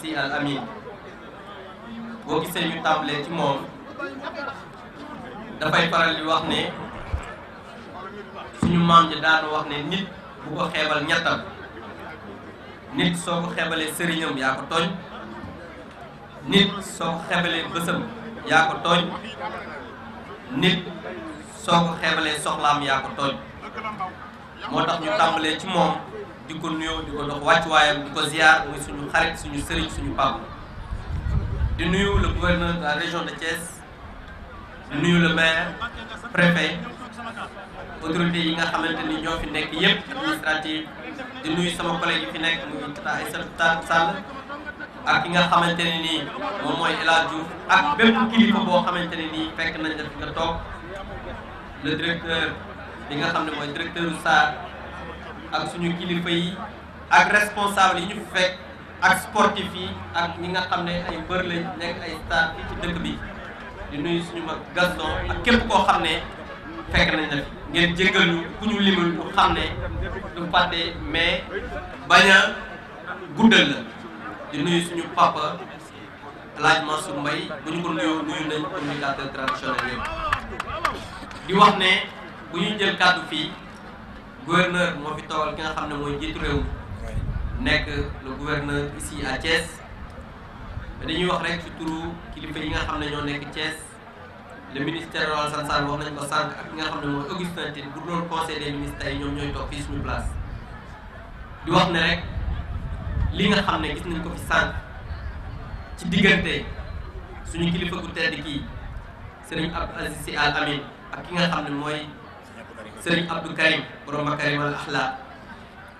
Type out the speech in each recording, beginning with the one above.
si al amin boo gisee ñu tàmbalee ci moom dafay faral di wax ne suñu maam ji daan wax ne nit bu ko xeebal ñettal nit soo ko xeebalee sëriñam yaa ko tooñ nit soo ko xeebalee bësam yaa ko tooñ nit soo ko xeebalee soxlaam yaa ko tooñ moo tax ñu tàmbalee ci moom di ko nuyoo di ko dox wàccuwaayam di ko ziar muy suñu xarit suñu sëriñ suñu pàpp di nuyu le gouverneur de la région de Thiès di nuyu le maire préfet autorité yi nga xamante ni ñoo fi nekk yépp administrative di nuyu sama collègue yi fi nekk muy Tata Aïssata Sall ak ki nga xamante ne nii moom mooy El Hadj ak bépp kilifa boo xamante ne nii fekk nañ la fi nga toog le directeur bi nga xam ne mooy directeur SAR ak suñu kilifa yi ak responsable yi ñu fekk ak sportif yi ak ñi nga xam ne ay mbër lañ nekk ay star fii ci dëkk bi di nuyu suñu mag gason ak képp koo xam ne fekk nañ la fi ngeen jégal ñu ku ñu limul ñu xam ne du fàtte mais bañ a guddal la di nuyu suñu papa El su Mansour Mbaye bu ñu ko nuyoo nuyu nañ communicateur traditionnel yëpp di wax ne bu ñu jël kàddu fii gouverneur moo fi toogal ki nga xam ne mooy njiitu réew mi nekk le gouverneur ici à Thiès dañuy wax rek ci turu kilifa yi nga xam ne ñoo nekk Thiès le ministère Laurent Sané Sarr wax nañ ko sànq ak ki nga xam ne mooy Augustin Tine bu doon conseil des ministres yi ñoom ñooy toog fii suñu place di wax ne rek li nga xam ne gis nañ ko fi sànq ci diggante suñu kilifa gu tedd kii Serigne Abdou Aziz Al Amine ak ki nga xam ne mooy. sëriñ Abdou Karim borom Makarim al Axlaa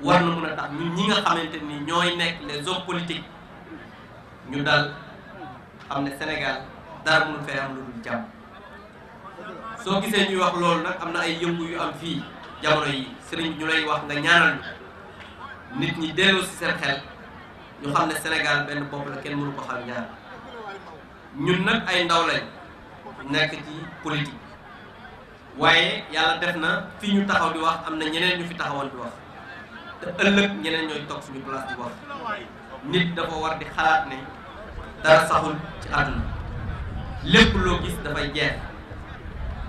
war na mun a tax ñun ñi nga xamante ni ñooy nekk les hommes politiques ñu daal xam ne senegal dara mënu fee am lu dul jàmm soo gisee ñuy wax loolu nag am na ay yëngu yu am fii jamono yi sëriñ ñu lay wax nga ñaanal nit ñi dellu si seen xel ñu xam ne Sénégal benn bopp la kenn mënu ko xam ñaar ñun nag ay ndaw lañ nekk ci politique. waaye yàlla def na fi ñu taxaw di wax am na ñeneen ñu fi taxawal di wax te ëllëg ñeneen ñooy toog suñu place di wax nit dafa war di xalaat ne dara saxul ci àdduna lépp loo gis dafay jeex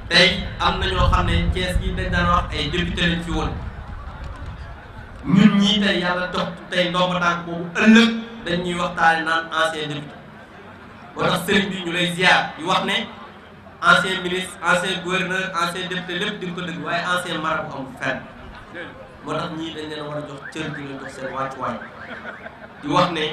tey am na ñoo xam ne Cees gi dañ daan wax ay député lañ fi woon ñun ñii tey yàlla jox tey ndomba tànk boobu ëllëg dañ ñuy waxtaane naan ancien député boo sëriñ bi ñu lay ziar di wax ne ancien ministre ancien gouverneur ancien député lépp di ko dëgg waaye ancien marabout amul fenn moo tax ñii dañ leen war a jox cër gi leen jox seen wàccuwaay di wax ne